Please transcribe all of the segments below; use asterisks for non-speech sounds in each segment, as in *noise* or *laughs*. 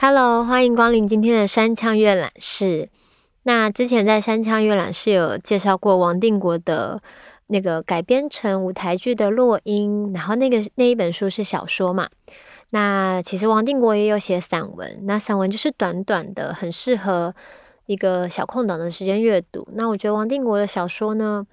Hello，歡迎光臨今天的山羌閱覽室。那之前在山羌閱覽室有介紹過王定國的那個改編成舞台劇的《落英》，然後那個那一本書是小說嘛？那其實王定國也有寫散文，那散文就是短短的，很適合。一個小空檔的時間閱讀，那我覺得王定國的小說呢，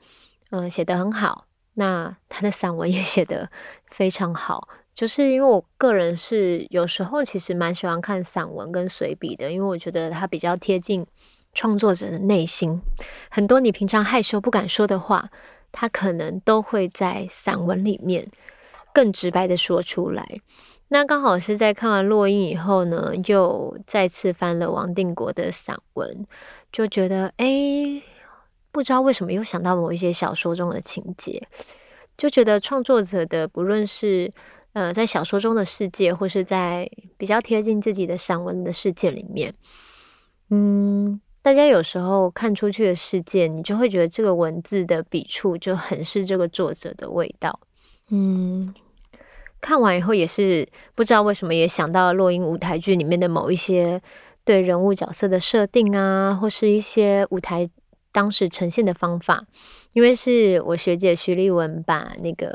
嗯、呃，寫得很好，那他的散文也寫得非常好。就是因為我個人是有時候其實蠻喜歡看散文跟隨筆的，因為我覺得他比較貼近創作者的內心，很多你平常害羞不敢說的話，他可能都會在散文裡面更直白的說出來。那剛好是在看完《落英》以後呢，又再次翻了王定國的散文，就覺得誒、欸，不知道為什麼又想到某一些小說中的情節，就覺得創作者的不論是呃在小說中的世界，或是在比較貼近自己的散文的世界裡面，嗯，大家有時候看出去的世界，你就會覺得這個文字的筆觸就很是這個作者的味道，嗯。看完以後也是不知道為什麼，也想到落英舞台劇裡面的某一些對人物角色的設定啊，或是一些舞台當時呈現的方法。因為是我學姐徐立文把那個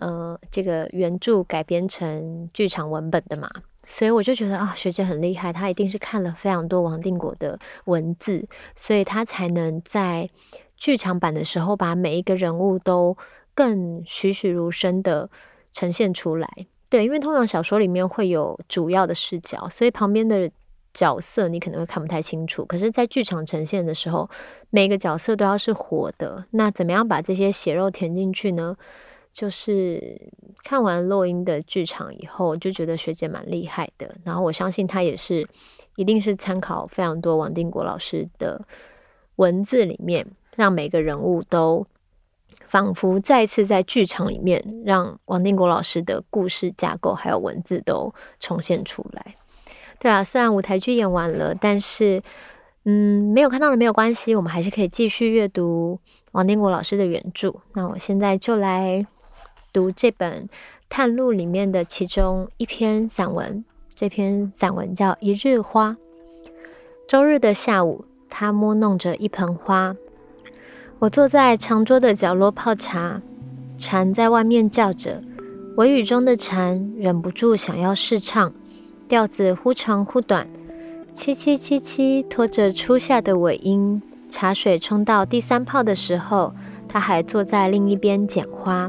呃這個原著改編成劇場文本的嘛，所以我就覺得啊，學姐很厲害，她一定是看了非常多王定國的文字，所以她才能在劇場版的時候把每一個人物都更栩栩如生的。呈現出來，對，因為通常小說裡面會有主要的視角，所以旁邊的角色你可能會看不太清楚。可是，在劇場呈現的時候，每個角色都要是活的。那怎麼樣把這些血肉填進去呢？就是看完落英的劇場以後，就覺得學姐蠻厲害的。然後我相信她也是，一定是參考非常多王定國老師的文字裡面，讓每個人物都。仿佛再次在劇場裡面，讓王定國老師的故事架構還有文字都重現出來。對啊，雖然舞台劇演完了，但是嗯，沒有看到的沒有關係，我們還是可以繼續閱讀王定國老師的原著。那我現在就來讀這本《探路》裡面的其中一篇散文。這篇散文叫《一日花》。週日的下午，他摸弄着一盆花。我坐在長桌的角落泡茶，蟬在外面叫着，微雨中的蟬忍不住想要試唱，調子忽長忽短，七七七七拖着初夏的尾音。茶水沖到第三泡的時候，他還坐在另一邊剪花，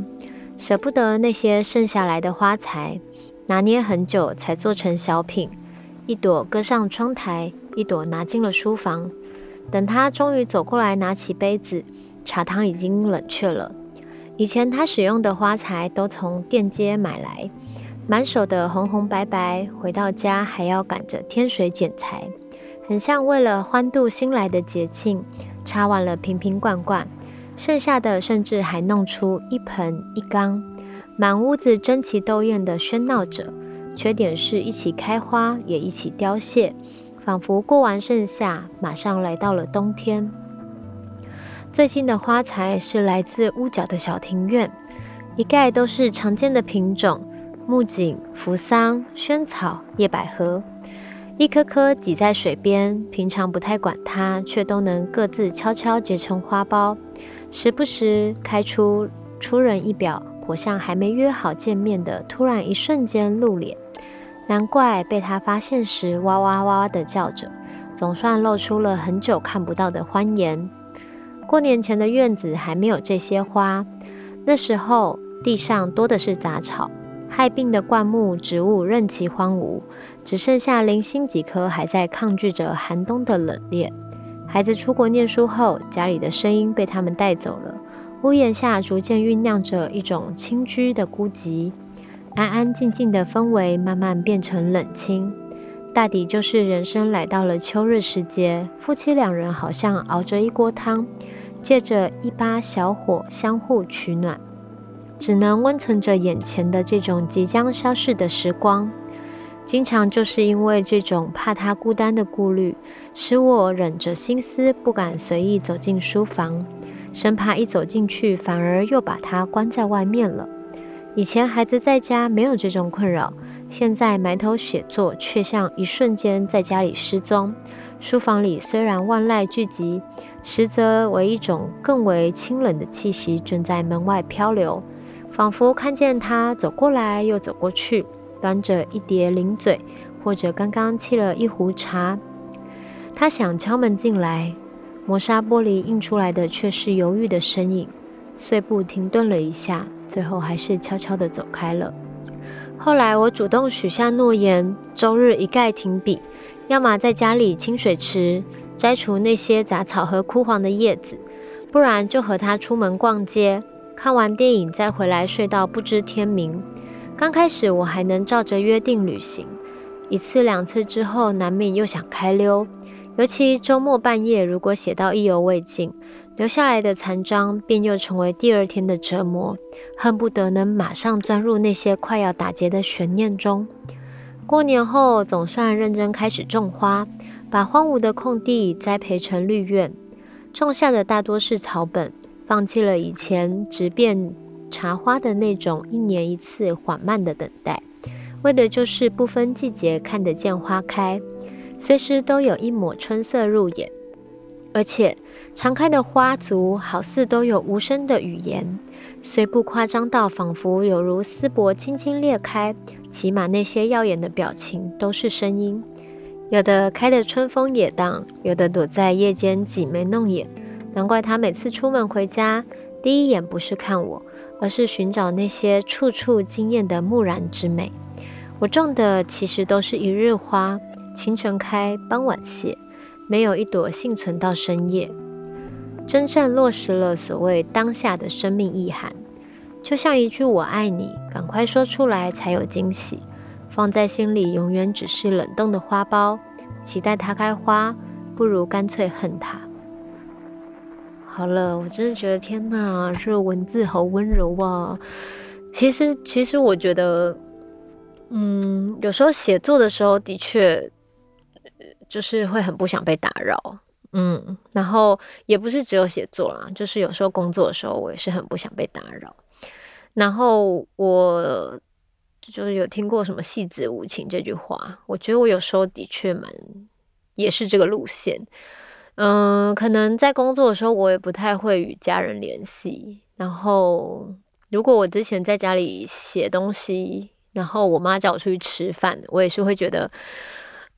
捨不得那些剩下來的花材，拿捏很久才做成小品，一朵擱上窗台，一朵拿進了書房。等他終於走過來，拿起杯子。茶湯已經冷卻了。以前他使用的花材都從店街買來，滿手的紅紅白白，回到家還要趕着添水剪裁，很像為了歡度新來的節慶，插完了瓶瓶罐罐，剩下的甚至還弄出一盆一缸，滿屋子爭奇鬥艷的喧鬧着。缺點是一起開花，也一起凋謝，仿佛過完盛夏，馬上來到了冬天。最近的花材是來自屋角的小庭院，一概都是常見的品種：木槿、扶桑、萱草、夜百合，一顆顆擠在水邊。平常不太管它，卻都能各自悄悄結成花苞，時不時開出出人意表，活像還沒約好見面的突然一瞬間露臉。難怪被它發現時哇哇哇哇地叫着，總算露出了很久看不到的歡顏。過年前的院子還沒有這些花，那時候地上多的是雜草、害病的灌木植物，任其荒蕪，只剩下零星幾棵還在抗拒着寒冬的冷冽。孩子出國念書後，家裡的聲音被他們帶走了，屋檐下逐漸醞釀着一種清居的孤寂，安安靜靜的氛圍慢慢變成冷清。大抵就是人生來到了秋日時節，夫妻兩人好像熬着一鍋湯，借着一把小火相互取暖，只能溫存着眼前的這種即將消逝的時光。經常就是因為這種怕他孤單的顧慮，使我忍着心思不敢隨意走進書房，生怕一走進去反而又把他關在外面了。以前孩子在家沒有這種困擾。現在埋頭寫作，卻像一瞬間在家裡失蹤。書房裡雖然萬籟俱寂，實則為一種更為清冷的氣息正在門外漂流。仿佛看見他走過來又走過去，端着一碟零嘴，或者剛剛沏了一壺茶。他想敲門進來，磨砂玻璃映出來的卻是猶豫的身影。碎步停頓了一下，最後還是悄悄地走開了。後來，我主動許下諾言，周日一概停筆，要麼在家裡清水池摘除那些雜草和枯黃的葉子，不然就和他出門逛街，看完電影再回來睡到不知天明。剛開始我還能照着約定履行，一次兩次之後，難免又想開溜。尤其周末半夜，如果寫到意猶未盡，留下來的殘章便又成為第二天的折磨，恨不得能馬上鑽入那些快要打結的懸念中。過年後總算認真開始種花，把荒蕪的空地栽培成綠苑，種下的大多是草本，放棄了以前植遍茶花的那種一年一次緩慢的等待，為的就是不分季節看得見花開。隨時都有一抹春色入眼，而且常開的花族好似都有無聲的語言，雖不誇張到仿佛有如絲帛輕輕裂開，起碼那些耀眼的表情都是聲音。有的開得春風野蕩，有的躲在夜間擠眉弄眼。難怪他每次出門回家，第一眼不是看我，而是尋找那些處處驚艷的木然之美。我種的其實都是一日花。清晨開，傍晚謝，沒有一朵幸存到深夜。真正落實了所謂當下的生命意涵，就像一句“我愛你”，趕快說出來才有驚喜，放在心裡永遠只是冷凍的花苞。期待它開花，不如乾脆恨它。好了，我真的覺得天哪，這文字好溫柔啊、哦！其實，其實我覺得，嗯，有時候寫作的時候，的確。就是會很不想被打擾，嗯，然後也不是只有寫作啦，就是有時候工作的時候，我也是很不想被打擾。然後我就是有聽過什麼“戲子無情”這句話，我覺得我有時候的確蠻也是這個路線。嗯、呃，可能在工作的時候，我也不太會與家人聯繫。然後，如果我之前在家裡寫東西，然後我媽叫我出去吃飯，我也是會覺得。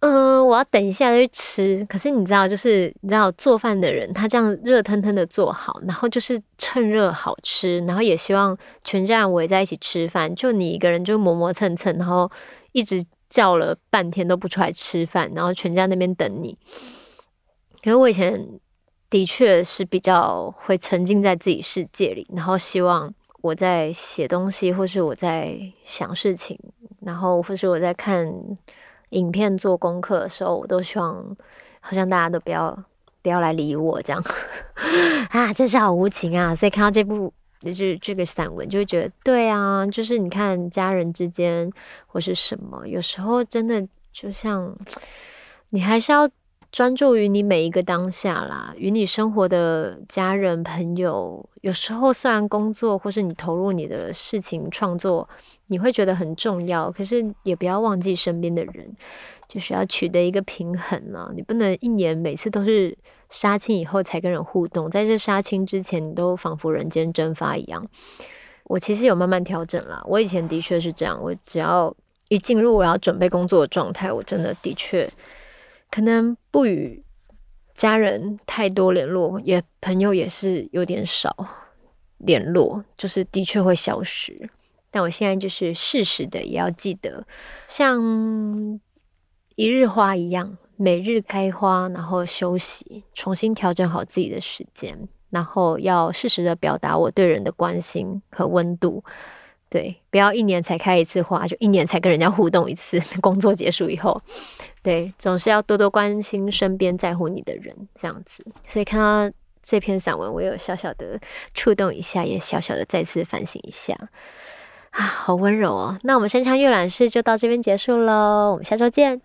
嗯，我要等一下再去吃。可是你知道，就是你知道做飯的人，他這樣熱騰騰的做好，然後就是趁熱好吃，然後也希望全家人圍在一起吃飯。就你一個人就磨磨蹭蹭，然後一直叫了半天都不出來吃飯，然後全家那邊等你。可是我以前的確是比較會沉浸在自己世界裡，然後希望我在寫東西，或是我在想事情，然後或是我在看。影片做功課的時候，我都希望好像大家都不要不要來理我這樣， *laughs* 啊，真是好無情啊！所以看到這部就是這個散文，就會覺得對啊，就是你看家人之間或是什麼，有時候真的就像你還是要。專注於你每一個當下啦，與你生活的家人朋友，有時候雖然工作或是你投入你的事情創作，你會覺得很重要，可是也不要忘記身邊的人，就是要取得一個平衡了啊，你不能一年每次都是殺青以後才跟人互動，在這殺青之前，你都仿佛人間蒸發一樣。我其實有慢慢調整啦，我以前的確是這樣，我只要一進入我要準備工作的狀態，我真的的確。可能不與家人太多聯絡，也朋友也是有點少聯絡，就是的確會消失。但我現在就是適時的也要記得，像一日花一樣，每日開花，然後休息，重新調整好自己的時間，然後要適時的表達我對人的關心和溫度。對，不要一年才開一次花，就一年才跟人家互動一次。工作結束以後，對，總是要多多關心身邊在乎你的人，這樣子。所以看到這篇散文，我也有小小的觸動一下，也小小的再次反省一下。啊，好溫柔哦。那我們山羌閱覽室就到這邊結束嘍，我們下周見。